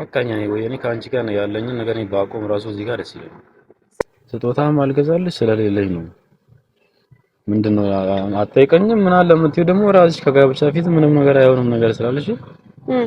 በቃኛ ነው ወይ? እኔ ከአንቺ ጋር ነው ያለኝን ነገር ነው ባቆም ራሱ እዚህ ጋር ደስ ይለኛል። ስጦታም አልገዛልሽ ስለሌለኝ ነው። ምንድነው አትጠይቀኝም? ምን አለ የምትይው ደግሞ ራስሽ ከጋብቻ ፊት ምንም ነገር አይሆንም ነገር ስላልሽ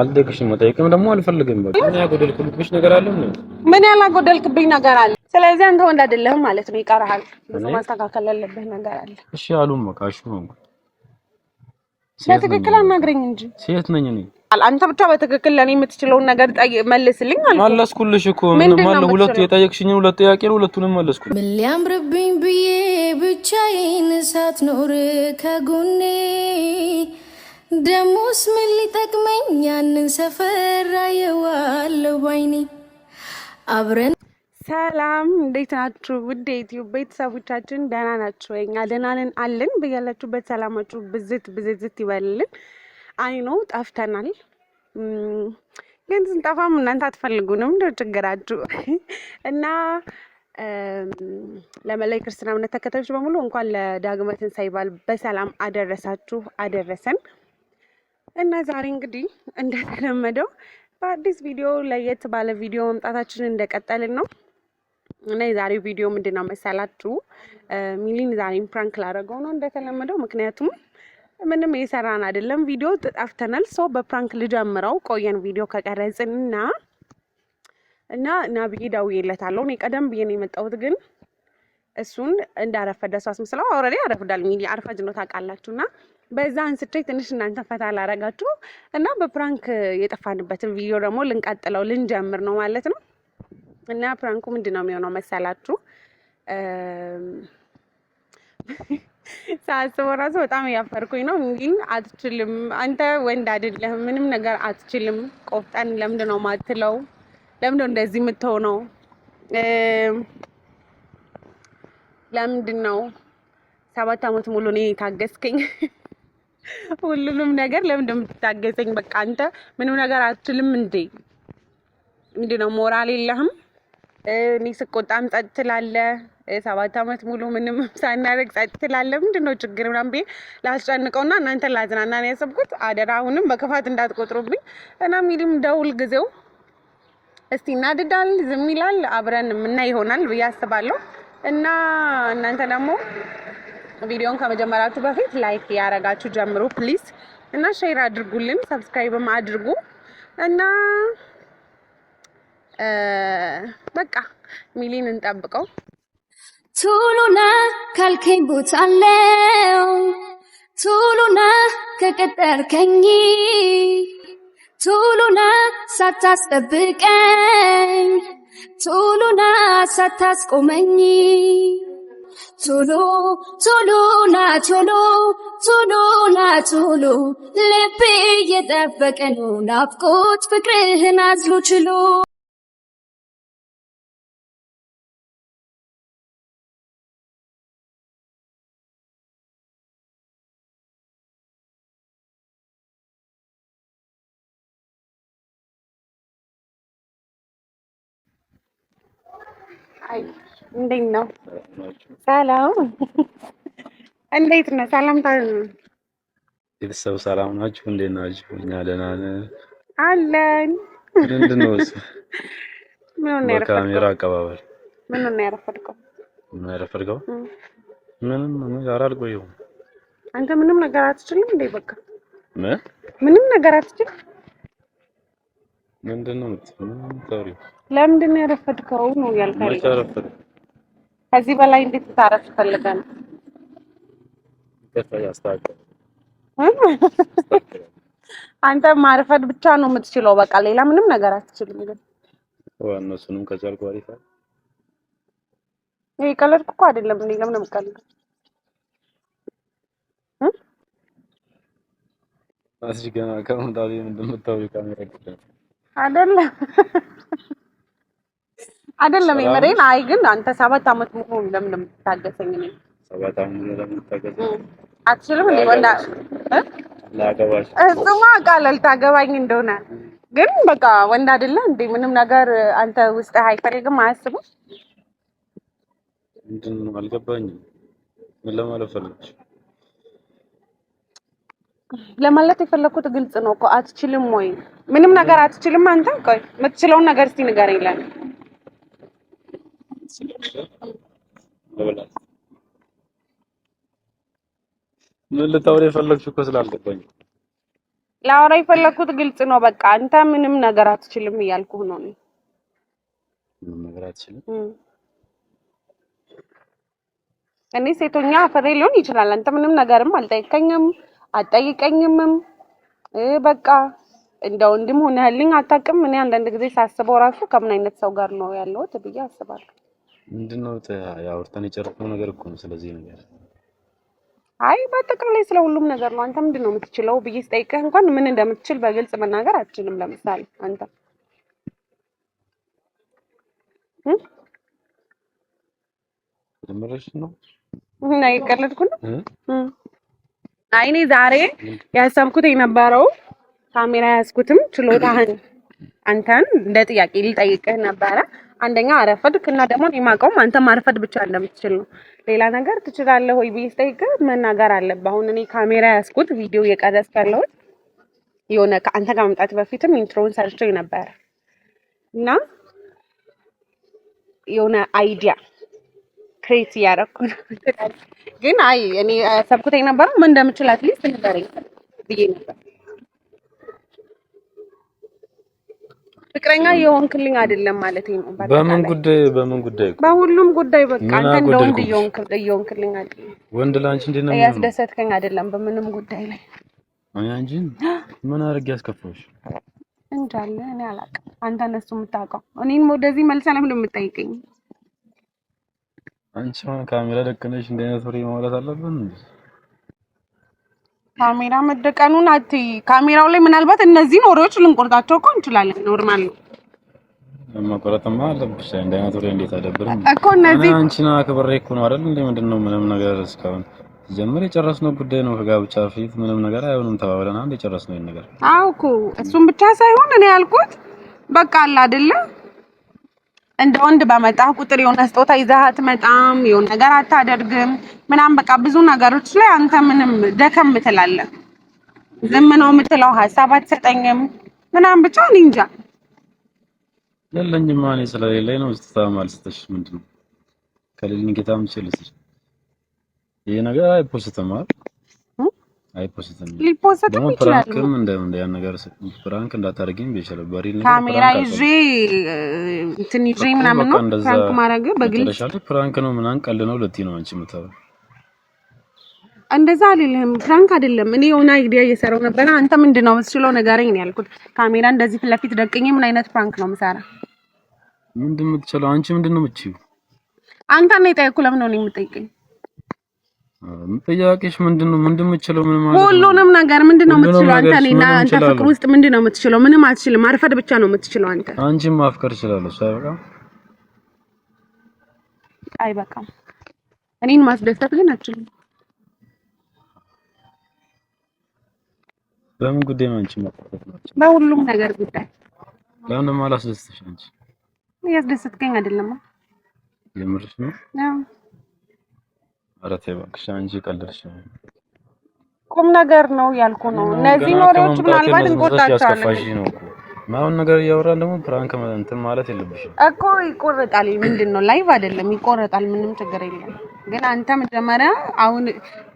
አልጠይቅሽም። መጠየቅም ደግሞ አልፈልግም። በቃ ምን ያጎደልክብሽ ነገር አለ? ምን ያላጎደልክብኝ ነገር አለ? ስለዚህ አንተ ወንድ አይደለህም ማለት ነው። ይቀርሃል። ማስተካከል ያለብህ ነገር አለ። እሺ አሉም በቃ እሺ ነው በትክክል አናግረኝ እንጂ ሴት ነኝ እኔ። አንተ ብቻ በትክክል ለኔ የምትችለውን ነገር መልስልኝ አልኩ። መለስኩልሽ እኮ ምንም አለ። ሁለቱ የጠየቅሽኝ ሁለት ጥያቄ ነው፣ ሁለቱንም መለስኩ። ምን ሊያምርብኝ ብዬ ብቻዬን ሳትኖር ከጎኔ ደሞስ ምን ሊጠቅመኝ ያንን ሰፈራ የዋለው ባይኔ አብረን ሰላም እንዴት ናችሁ? ውድ የዩቲዩብ ቤተሰቦቻችን ደህና ናችሁ? እኛ ደህና ነን አለን። በያላችሁበት ሰላማችሁ ብዝት ብዝዝት ይበልልን። አይኖ ጠፍተናል፣ ግን ስንጠፋም እናንተ አትፈልጉንም እንደው ችግራችሁ እና ለመላይ ክርስትና እምነት ተከታዮች በሙሉ እንኳን ለዳግመ ሳይባል በዓል በሰላም አደረሳችሁ አደረሰን። እና ዛሬ እንግዲህ እንደተለመደው በአዲስ ቪዲዮ ለየት ባለ ቪዲዮ መምጣታችንን እንደቀጠልን ነው። እና የዛሬው ቪዲዮ ምንድን ነው መሰላችሁ? ሚሊን ዛሬም ፕራንክ ላደረገው ነው እንደተለመደው። ምክንያቱም ምንም እየሰራን አይደለም፣ ቪዲዮ ጠፍተናል። ሰው በፕራንክ ልጀምረው ቆየን ቪዲዮ ከቀረጽን እና እና እና ብዬ ደውዬለታለሁ። እኔ ቀደም ብዬ ነው የመጣሁት፣ ግን እሱን እንዳረፈደ ሰው አስመስለው ኦልሬዲ ያረፍዳል። ሚሊ አርፋጅ ነው ታውቃላችሁ። እና በዛ አንስቼ ትንሽ እናንተ ፈታ ላረጋችሁ እና በፕራንክ የጠፋንበትን ቪዲዮ ደግሞ ልንቀጥለው ልንጀምር ነው ማለት ነው። እና ፕራንኩ ምንድን ነው የሚሆነው መሰላችሁ? ሳስበው ራሱ በጣም እያፈርኩኝ ነው። እንግዲህ አትችልም፣ አንተ ወንድ አይደለህም፣ ምንም ነገር አትችልም፣ ቆፍጠን ለምንድን ነው ማትለው? ለምንድን ነው እንደዚህ የምትሆነው? ለምንድን ነው ሰባት አመት ሙሉ እኔ የታገስከኝ ሁሉንም ነገር ለምንድን ነው የምትታገሰኝ? በቃ አንተ ምንም ነገር አትችልም እንዴ? ምንድን ነው ሞራል የለህም? እኔ ስቆጣም ጸጥ ትላለ። ሰባት አመት ሙሉ ምንም ሳናደርግ ጸጥ ትላለ። ምንድን ነው ችግር ምናምን ብዬ ላስጨንቀውና እናንተ ላዝናና ነው ያሰብኩት። አደራ አሁንም በክፋት እንዳትቆጥሩብኝ እና ሚሊም ደውል ጊዜው እስቲ እናድዳል፣ ዝም ይላል፣ አብረን የምናይ ይሆናል ብዬ አስባለሁ እና እናንተ ደግሞ ቪዲዮን ከመጀመራችሁ በፊት ላይክ ያረጋችሁ ጀምሮ ፕሊዝ እና ሼር አድርጉልን፣ ሰብስክራይብም አድርጉ እና በቃ ሚሊን እንጠብቀው። ቱሉና ካልከኝ ቦታ አለው ቱሉና ከቀጠርከኝ ቱሉና ሳታስጠብቀኝ ቱሉና ሳታስቆመኝ ቱሉ ቱሉና ቱሉ ቱሉና ቱሉ ልቤ እየጠበቀ ነው ናፍቆት ፍቅርህን አዝሎ ችሎ እንዴት ነው? ሰላም እንዴት ነው? ሰላም ቤተሰብ ሰላም ናችሁ? እንዴት ናችሁ? እኛ ደህና ነን አለን። ምንድን ነው እሱ? በካሜራ አቀባበል ምኑን ነው ያረፈድከው? ምኑን ያረፈድከው? ምንም አልቆየሁም። አንተ ምንም ነገር አትችልም እንዴ? በቃ ምንም ነገር አትችልም ምንድን ነው የምትሰሪው? ለምንድን ነው ያረፈድከው? ነው ያልከኝ። ከዚህ በላይ እንዴት ታረፍ ፈልጋለህ? አንተ ማርፈድ ብቻ ነው የምትችለው። በቃ ሌላ ምንም ነገር አትችልም። ግን ዋናው እሱንም ከቻልኩ አሪፍ አይደል? ይሄ ቀለድኩ እኮ አይደለም። እኔ ለምን ነው የምቀልደው? አስጂ ገና ከምንጣቤ ምንድን ነው የምታወሪው? ካሜራ አይደለም አይደለም የምሬን። አይ ግን አንተ ሰባት አመት መሆን ለምን የምትታገሰኝ ነው? ሰባት አመት ለምን የምትታገሰኝ አትችልም? እኔ ወንዳ ላገባሽ እሱማ ቃል ልታገባኝ እንደሆነ ግን በቃ ወንድ አይደለ እንዴ? ምንም ነገር አንተ ውስጥ አይፈልግም አያስብም። ምንድን ነው አልገባኝም። ምን ለማለት ፈልግሽ? ለማለት የፈለኩት ግልጽ ነው እኮ አትችልም ወይ? ምንም ነገር አትችልም አንተ? ቆይ የምትችለውን ነገር እስቲ ንገረኝ። ይላል ምን ልታወራ የፈለግሽ እኮ ስላልገባኝ ላወራ የፈለኩት ግልጽ ነው። በቃ አንተ ምንም ነገር አትችልም እያልኩህ ነው። ምንም ነገር አትችልም እኔ ሴቶኛ አፈሬ ሊሆን ይችላል። አንተ ምንም ነገርም አልጠይቀኝም አጠይቀኝምም በቃ እንደ ወንድም ሆነህልኝ አታውቅም። እኔ አንዳንድ ጊዜ ሳስበው ራሱ ከምን አይነት ሰው ጋር ነው ያለሁት ብዬ አስባለሁ። ምንድነው አውርተን የጨረስነው ነገር እኮ ነው። ስለዚህ ነገር አይ በአጠቃላይ ስለ ሁሉም ነገር ነው። አንተ ምንድን ነው የምትችለው ብዬ ስጠይቅህ እንኳን ምን እንደምትችል በግልጽ መናገር አትችልም። ለምሳሌ አንተ ምርሽ ነው እና የቀለድኩ ነው አይኔ ዛሬ ያሰብኩት የነበረው ካሜራ ያዝኩትም ችሎታህን አንተን እንደ ጥያቄ ልጠይቅህ ነበረ። አንደኛ አረፈድክ እና ደግሞ እኔ የማውቀውም አንተ ማረፈድ ብቻ እንደምትችል ነው። ሌላ ነገር ትችላለህ ወይ ብዬ ስጠይቅህ መናገር አለብህ። አሁን እኔ ካሜራ ያዝኩት ቪዲዮ እየቀረጽኩ ያለሁት የሆነ ከአንተ ጋር መምጣት በፊትም ኢንትሮን ሰርቼ ነበረ እና የሆነ አይዲያ ክሬት እያደረኩ ነው። ግን አይ እኔ ሰብኩት የነበረው ምን እንደምችል አትሊስት ንገረኝ ብዬ ነበር። ፍቅረኛ የሆንክልኝ አይደለም ማለት ነው። በምን ጉዳይ በምን ጉዳይ? በሁሉም ጉዳይ በቃ አንተ እንደ ወንድ የሆንክልኝ የሆንክልኝ አይደለም። ወንድ ላንቺ እንዴት ነው ያስደሰትከኝ? አይደለም በምንም ጉዳይ ላይ እኔ አንቺን ምን አድርጌ ያስከፋሽ? እንጃለ እኔ አላውቅም። አንተ ነሱ የምታውቀው እኔን ወደዚህ መልስ ለምን የምጠይቀኝ? አንቺ ማን ካሜራ ደቀነሽ? እንደ አይነት ፍሬ ማውራት አለብን። ካሜራ መደቀኑን አትይ። ካሜራው ላይ ምናልባት እነዚህ ኖሮዎች ልንቆርጣቸው እኮ እንችላለን። ኖርማል ነው። መቆረጥማ አለብሽ። እንደ አይነት ፍሬ እንዴት አደብርም እኮ እነዚህ አንቺና ክብሬ እኮ ነው አይደል? እንደ ምንድን ነው ምንም ነገር እስካሁን ጀምር የጨረስነው ጉዳይ ነው። ከጋብቻ ፊት ምንም ነገር አይሆንም ተባብለናል። የጨረስነው ይሄን ነገር አውኩ። እሱም ብቻ ሳይሆን እኔ ያልኩት በቃ አለ አይደለ እንደ ወንድ በመጣህ ቁጥር የሆነ ስጦታ ይዘህ አትመጣም፣ የሆነ ነገር አታደርግም ምናምን በቃ ብዙ ነገሮች ላይ አንተ ምንም ደከም ትላለህ። ዝም ነው የምትለው፣ ሀሳብ አትሰጠኝም ምናምን ብቻ እኔ እንጃ። የለኝም እኔ ስለሌለኝ ነው። ስታ ማልስተሽ ምንድን ነው ከሌለኝ ጌታ ምስል ይሄ ነገር አይፖስትም አይደል አይፖስትም ሊፖስትም ይችላል። ፕራንክም እንደ እንደ ያን ነገር ፕራንክ እንዳታደርጊም ቢችላል በሪል ካሜራ ይዤ እንትን ይዤ ምናምን ነው ፕራንክ ማድረግ በግልጽ ፍራንክ ነው ምናምን ቀልድ ነው ልትይ ነው አንቺ የምታወራው። እንደዛ አልልህም። ፍራንክ አይደለም። እኔ የሆነ አይዲያ እየሰራው ነበር። አንተ ምንድን ነው የምትችለው ንገረኝ ነው ያልኩት። ካሜራ እንደዚህ ፊት ለፊት ደቅኝ ምን አይነት ፍራንክ ነው የምሰራ? ምንድን ነው የምትችለው አንቺ? ምንድን ነው የምትችይው አንተ? ነው የጠየኩህ። ለምን ነው የምጠይቀኝ? ጥያቄሽ ምንድነው? ምንድን የምትችለው? ምን ማለት ነው? ሁሉንም ነገር ምንድነው የምትችለው? አንተ እኔና አንተ ፍቅር ውስጥ ምንድነው የምትችለው? ምንም አትችልም። ማርፈድ ብቻ ነው የምትችለው አንተ። አንቺም ማፍቀር ትችላለሽ። ሳይበቃ አይበቃም። እኔን ማስደሰት ግን አትችልም። በምን ጉዳይ ነው አንቺ ማፍቀር? በሁሉም ነገር ጉዳይ። ለምን አላስደስትሽ? አንቺ ያስደስትከኝ አይደለም። የምርሽ ነው? አዎ ኧረ ተይ እባክሽ አንቺ ቀልድሽ ነው። ቁም ነገር ነው ያልኩ ነው። እነዚህ ምናልባት እንቆጣቸዋለን ማሁን ነገር እያወራን ደግሞ ፕራንክ እንትን ማለት የለብሽም እኮ ይቆረጣል። ምንድን ነው ላይቭ አይደለም ይቆረጣል። ምንም ችግር የለም። ግን አንተ መጀመሪያ አሁን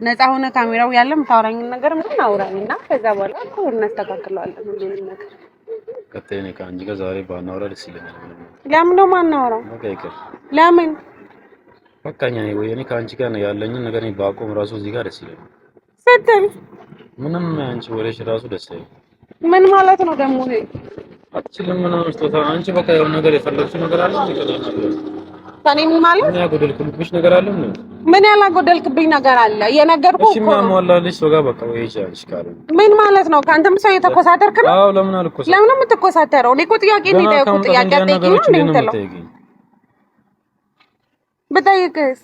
ነፃ ሆነ ካሜራው ያለ የምታወራኝ ነገር ምን አውራኝ እና ከዛ በኋላ እኮ እናስተካክለዋለን። ምንም ነገር ከተኔ ከአንቺ ጋር ዛሬ ባናወራ ደስ ይለኛል። ለምን ነው ማናወራው? ለምን በቃኛ ነው ወይ? እኔ ከአንቺ ጋር ነው ያለኝን ነገር ነው ባቆም ራሱ እዚህ ጋር ደስ ይለኝ። ሰደም ምንም አንቺ ወለሽ ራሱ ደስ ይለኝ። ምን ማለት ነው ደግሞ ይሄ? አትችልም ምንም ስጦታ አንቺ በቃ የሆነ ነገር የፈለግሽው ነገር አለ እንዴ? ከኔ ምን ማለት ነው? ያጎደልኩብሽ ነገር አለ ምን? ምን ያላጎደልክብኝ ነገር አለ? የነገርኩህ እኮ ነው። ማሟላልሽ ሰው ጋር በቃ ወይ ይቻልሽ ካለ ምን ማለት ነው? ከአንተም ሰው የተኮሳተርክ ነው? አዎ ለምን አልኮሳ ለምን የምትኮሳተረው? እኔ እኮ ጥያቄ ነው የጠየኩህ። ጥያቄ አትጠይቂኝም ነው የምትለው? ብጠይቅስ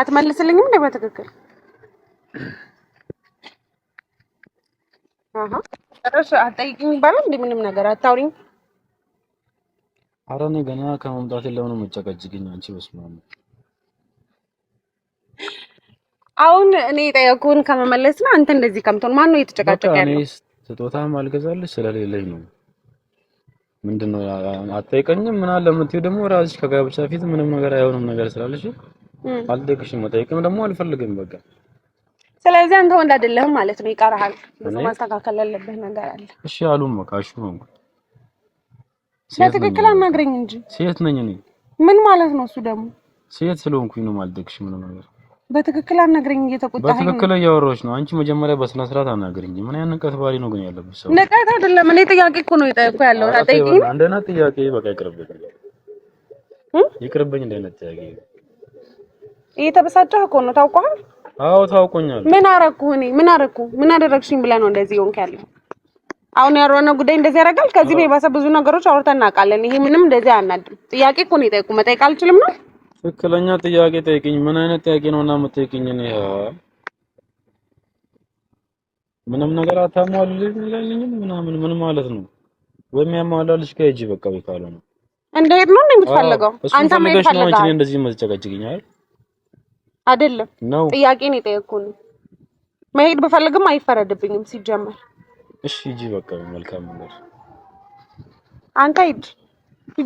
አትመልስልኝም እንዴ? በትክክል ጨረሽ አትጠይቅኝ ይባላል እንዴ? ምንም ነገር አታውሪኝ። ኧረ እኔ ገና ከመምጣት የለም ነው አንቺ በስመ አሁን እኔ የጠየኩህን ከመመለስና አንተ እንደዚህ ከምትሆን ማን ነው የተጨቃጨቀ ያለው? ስጦታም አልገዛልሽ ስለሌለኝ ነው ምንድን ነው አትጠይቀኝም? ምን አለ የምትይው ደግሞ ራስሽ ከጋብቻ ፊት ምንም ነገር አይሆንም ነገር ስላለሽ አልጠይቅሽም። መጠየቅም ደግሞ አልፈልግም በቃ። ስለዚህ አንተ ወንድ አይደለህም ማለት ነው። ይቀርሃል፣ ብዙ ማስተካከል ያለብህ ነገር አለ። እሺ አሉም በቃ እሺ ነው። በትክክል አናግረኝ እንጂ ሴት ነኝ እኔ። ምን ማለት ነው እሱ ደግሞ? ሴት ስለሆንኩኝ ነው የማልጠይቅሽ ምንም ነገር በትክክል አናግረኝ። እየተቆጣኝ በትክክል እያወራሁሽ ነው። አንቺ መጀመሪያ በስነ ስርዓት አናግረኝ። ምን ያን ንቀት ባህሪ ነው ግን ያለብሽ? ሰው ንቀት አይደለም። እኔ ጥያቄ እኮ ነው የጠየኩ ያለው። አጠይቂኝ። እንደና ጥያቄ በቃ ይቅርብኝ፣ ይቅርብኝ። እንደና ጥያቄ እየተበሳጨህ እኮ ነው። ታውቀዋል? አዎ ታውቆኛል። ምን አረኩ እኔ? ምን አረኩ? ምን አደረግሽኝ ብለህ ነው እንደዚህ ሆንክ ያለው? አሁን ያሮነ ጉዳይ እንደዚህ ያደርጋል። ከዚህ በባሰ ብዙ ነገሮች አውርተን እናውቃለን። ይሄ ምንም እንደዚህ አናድም። ጥያቄ እኮ ነው የጠየኩ። መጠየቅ አልችልም ነው ትክክለኛ ጥያቄ ጠይቅኝ። ምን አይነት ጥያቄ ነው እና የምትጠይቅኝ? እኔ ምንም ነገር አታሟልልኝ ይለኝም ምናምን ምን ማለት ነው? ወይም ያሟላልሽ ከእጅ በቃ ቢካለ ነው እንዴት ነው እንደምትፈልገው አንተ ምን ፈልጋለህ? እኔ እንደዚህ የምትጨቀጭቅኝ አይደለም ነው ጥያቄ ነው የጠየኩህ። መሄድ ብፈልግም አይፈረድብኝም ሲጀመር። እሺ ሂጂ በቃ መልካም ነገር አንተ ሂድ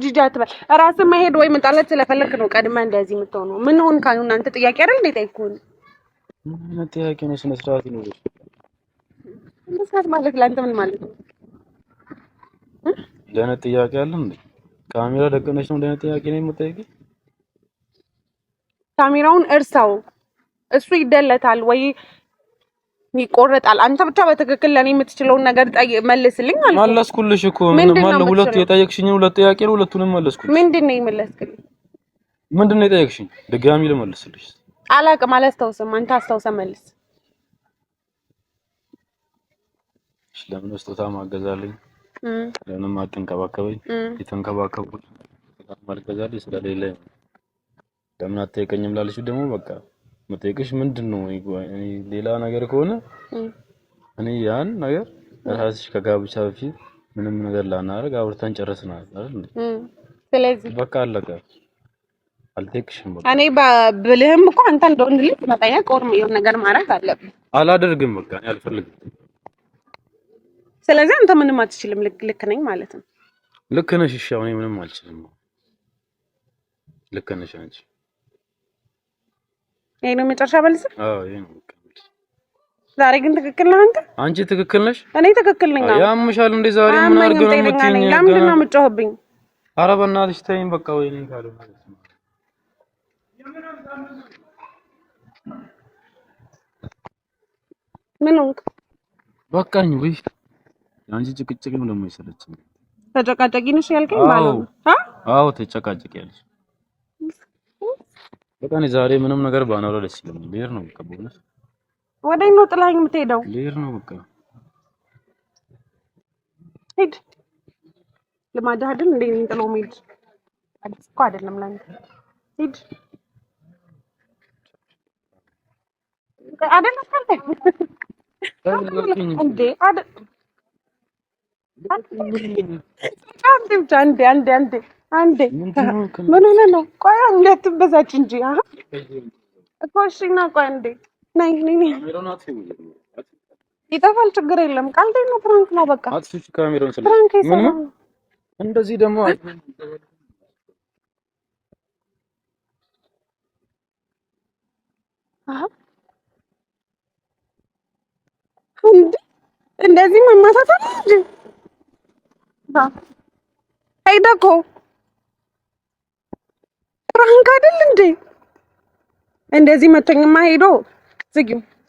ጂጂ አትበል። ራስህ መሄድ ወይ መጣለት ስለፈለክ ነው ቀድመህ እንደዚህ የምትሆነው። ምን ሆን ካሉ እናንተ ጥያቄ አይደል እንዴ? ጠይቁን። ምን ጥያቄ ነው? ስነ ስርዓት ነው። ስነ ስርዓት ማለት ለአንተ ምን ማለት ነው? እንደነ ጥያቄ አለ እንዴ? ካሜራ ደቀነች ነው እንደነ ጥያቄ ነው የምትጠይቂ? ካሜራውን እርሳው። እሱ ይደለታል ወይ ይቆረጣል። አንተ ብቻ በትክክል ለኔ የምትችለውን ነገር መልስልኝ አልኩ። መለስኩልሽ እኮ ምንድነው? አለ ሁለት የጠየቅሽኝ ሁለት ጥያቄ ነው፣ ሁለቱንም መለስኩልሽ። ምንድነው ነው የመለስክልኝ? ምንድን ነው የጠየቅሽኝ? ድጋሚ ልመልስልሽ። አላቅም፣ አላስታውስም። አንተ አስታውሰህ መልስ። ለምን ስጦታ ማገዛልኝ? ለምን አትንከባከበኝ? የተንከባከቡት ስጦታ ማገዛልኝ ስለሌለ ለምን አትጠይቀኝም ላልሽው ደግሞ በቃ መጠየቅሽ ምንድን ነው? ሌላ ነገር ከሆነ እኔ ያን ነገር ራስሽ ከጋብቻ በፊት ምንም ነገር ላናደርግ አውርተን ጨርሰናል አይደል? ስለዚህ በቃ አለቀ። አልጠየቅሽም። በቃ እኔ ብልህም እኮ አንተ እንደ ወንድ ልጅ መጠየቅ ቆርም የሆነ ነገር ማድረግ አለብን። አላደርግም። በቃ እኔ አልፈልግም። ስለዚህ አንተ ምንም አትችልም። ልክ ነኝ ማለት ነው። ልክ ነሽ። እሺ፣ አሁን ምንም አልችልም። ልክ ነሽ አንቺ ይሄ ነው መጨረሻ መልስ? አዎ ይሄ ነው። ዛሬ ግን ትክክል ነህ አንተ። አንቺ ትክክል ነሽ፣ እኔ ትክክል ነኝ። ያምሻል እንዴ? ዛሬ ምን አድርገህ ነው የምትይኝ? ለምንድን ነው የምትጮህብኝ? ኧረ በእናትሽ ተይኝ በቃ። ወይ ወይኔ ካልሆነ ምን ሆንክ? በቃኝ። ወይ አንቺ ጭቅጭቅ ነው ደግሞ የሰለችኝ። ተጨቃጨቂ ነሽ ያልከኝ ነው? አዎ ተጨቃጨቂ ያልሽ Bukannya zari minum agar banar oleh si lembu biar nunggu kabur. Wadah ini nuk telah ingat tidak? Biar ada nanti nanti lo mid. Ada squad Ada nak kante? Ada nak kante? Ada. Ada. Ada. Ada. Ada. Ada. Ada. Ada. አንዴ ምን ሆነ ነው? ቆይ አንዴ አትበዛጭ እንጂ እኮ እሺ። እና ቆይ አንዴ ነይ ነይ፣ ይጠፋል፣ ችግር የለም። ቃል ደህና ፕራንክ ነው። በቃ አትፍቺ ካሜራውን ስለ ፕራንክ ይሰራል። እንደዚህ ደግሞ እንደዚህ መማታት አለ እንጂ ሄደ እኮ እየሰራህን አይደል እንዴ? እንደዚህ መቶኝማ ሄዶ ዝጊው።